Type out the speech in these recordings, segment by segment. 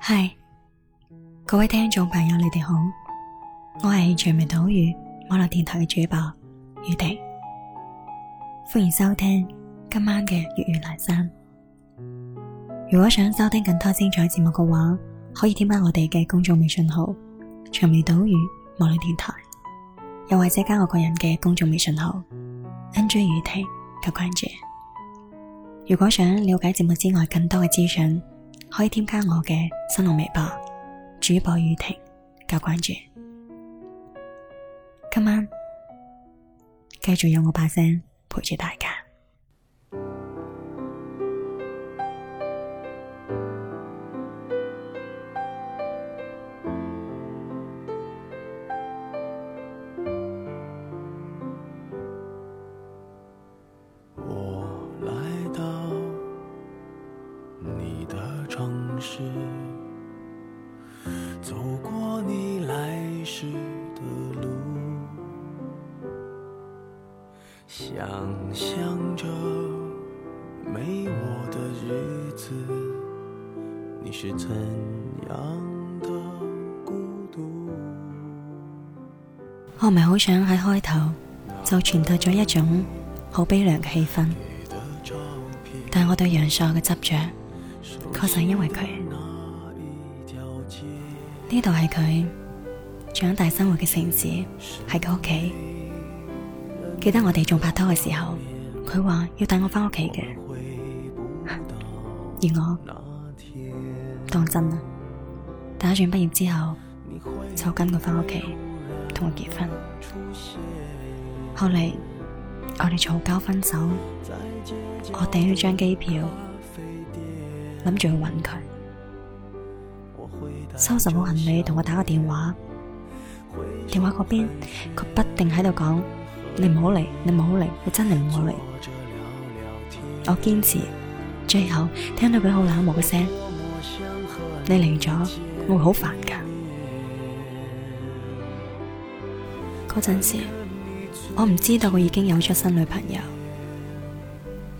嗨，各位聽眾朋友，你哋好，我係長尾島語網絡電台嘅主播雨婷，歡迎收聽今晚嘅粵語闌珊。如果想收聽更多精彩節目嘅話，可以添加我哋嘅公眾微信號長尾島語網絡電台，又或者加我個人嘅公眾微信號 nj 雨婷嘅關注。如果想了解節目之外更多嘅資訊。可以添加我嘅新浪微博主播雨婷，加關注。今晚繼續用我把聲陪住大家。想，想着沒我的日子你是怎樣的孤獨？我咪好想喺開頭就傳達咗一種好悲涼嘅氣氛，但係我對陽朔嘅執着，確實因為佢。呢度係佢長大生活嘅城市，係佢屋企。記得我哋仲拍拖嘅時候，佢話要帶我返屋企嘅，而我當真啦，打算畢業之後就跟佢返屋企，同佢結婚。後嚟我哋嘈交分手，我訂咗張機票，諗住去搵佢，收拾好行李，同我打個電話，電話嗰邊佢不停喺度講。你唔好嚟，你唔好嚟，你真係唔好嚟！我堅持，最後聽到佢好冷漠嘅聲，你嚟咗，我會好煩噶。嗰陣時，我唔知道佢已經有咗新女朋友，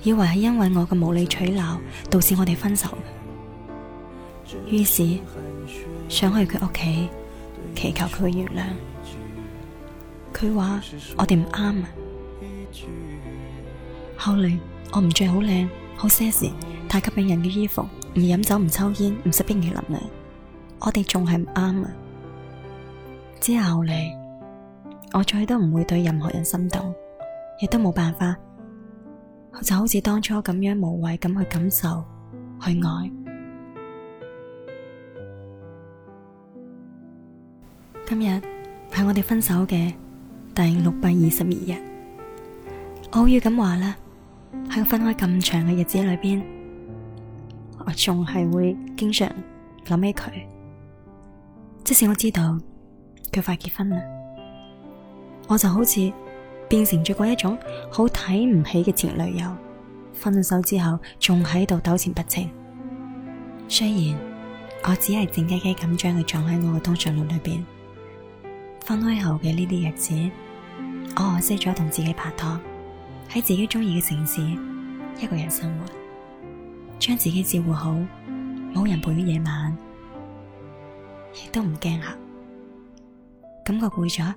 以為係因為我嘅無理取鬧導致我哋分手，於是想去佢屋企祈求佢嘅原諒。佢話我哋唔啱啊！後嚟我唔着好靚，好 sexy，太吸引人嘅衣服，唔飲酒，唔抽煙，唔食冰淇淋啊！我哋仲係唔啱啊！之後嚟我再都唔會對任何人心動，亦都冇辦法，我就好似當初咁樣無謂咁去感受，去愛。今日係我哋分手嘅，第六百二十二日，我要咁話啦。喺分開咁長嘅日子裏邊，我仲係會經常諗起佢。即使我知道佢快結婚啦，我就好似變成咗嗰一種好睇唔起嘅前女友。分咗手之後，仲喺度糾纏不清。雖然我只係靜雞雞咁將佢藏喺我嘅通訊錄裏邊，分開後嘅呢啲日子。我學識咗同自己拍拖，喺自己中意嘅城市一個人生活，將自己照顧好，冇人陪嘅夜晚，亦都唔驚黑，感覺攰咗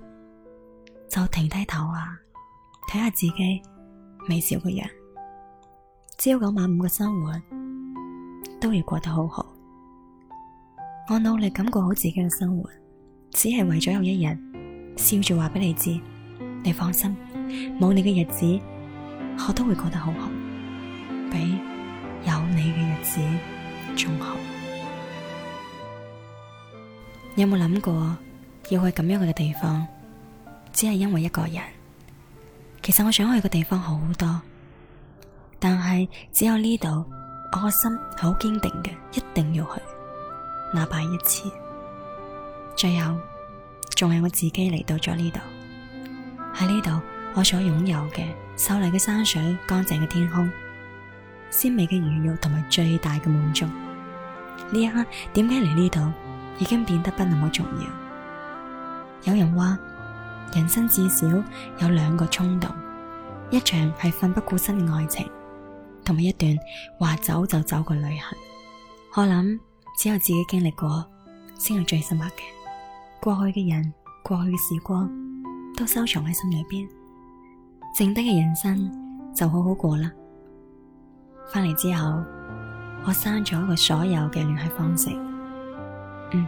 就停低唞啊，睇下自己微笑嘅樣，朝九晚五嘅生活都要過得好好，我努力咁過好自己嘅生活，只係為咗有一日笑住話俾你知。你放心，冇你嘅日子，我都會過得好好，比有你嘅日子仲好。有冇諗過要去咁樣嘅地方？只係因為一個人。其實我想去嘅地方好多，但係只有呢度，我個心好堅定嘅，一定要去，哪怕一次。最後，仲係我自己嚟到咗呢度。喺呢度，我所擁有嘅秀麗嘅山水、乾淨嘅天空、鮮美嘅魚肉同埋最大嘅滿足，呢一刻點解嚟呢度已經變得不那麼重要。有人話，人生至少有兩個衝動，一場係奮不顧身嘅愛情，同埋一段話走就走嘅旅行。我諗，只有自己經歷過先係最深刻嘅。過去嘅人，過去嘅時光。都收藏喺心裏邊，剩得嘅人生就好好過啦。翻嚟之後，我刪咗佢所有嘅聯繫方式。嗯，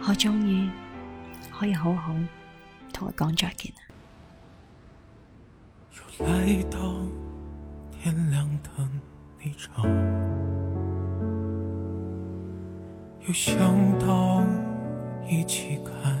我終於可以好好同佢講再見。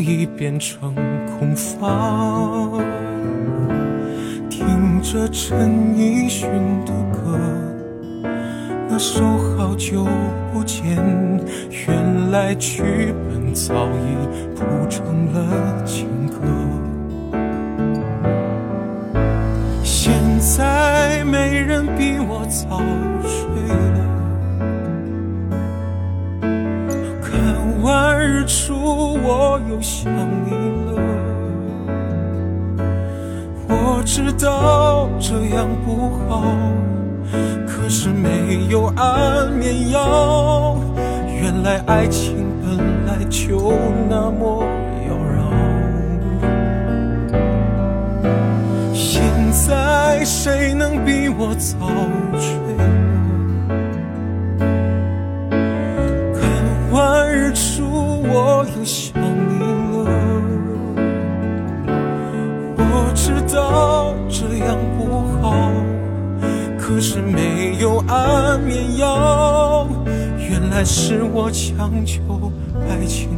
已變成空房，聽着陳奕迅的歌，那首好久不見，原來劇本早已譜成了情歌，現在沒人比我早。又想你了，我知道這樣不好，可是沒有安眠藥，原來愛情本來就那麼妖嬈。現在誰能比我早睡？看完日出，我又想。有安眠藥，原來是我強求愛情。